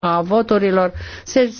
a voturilor se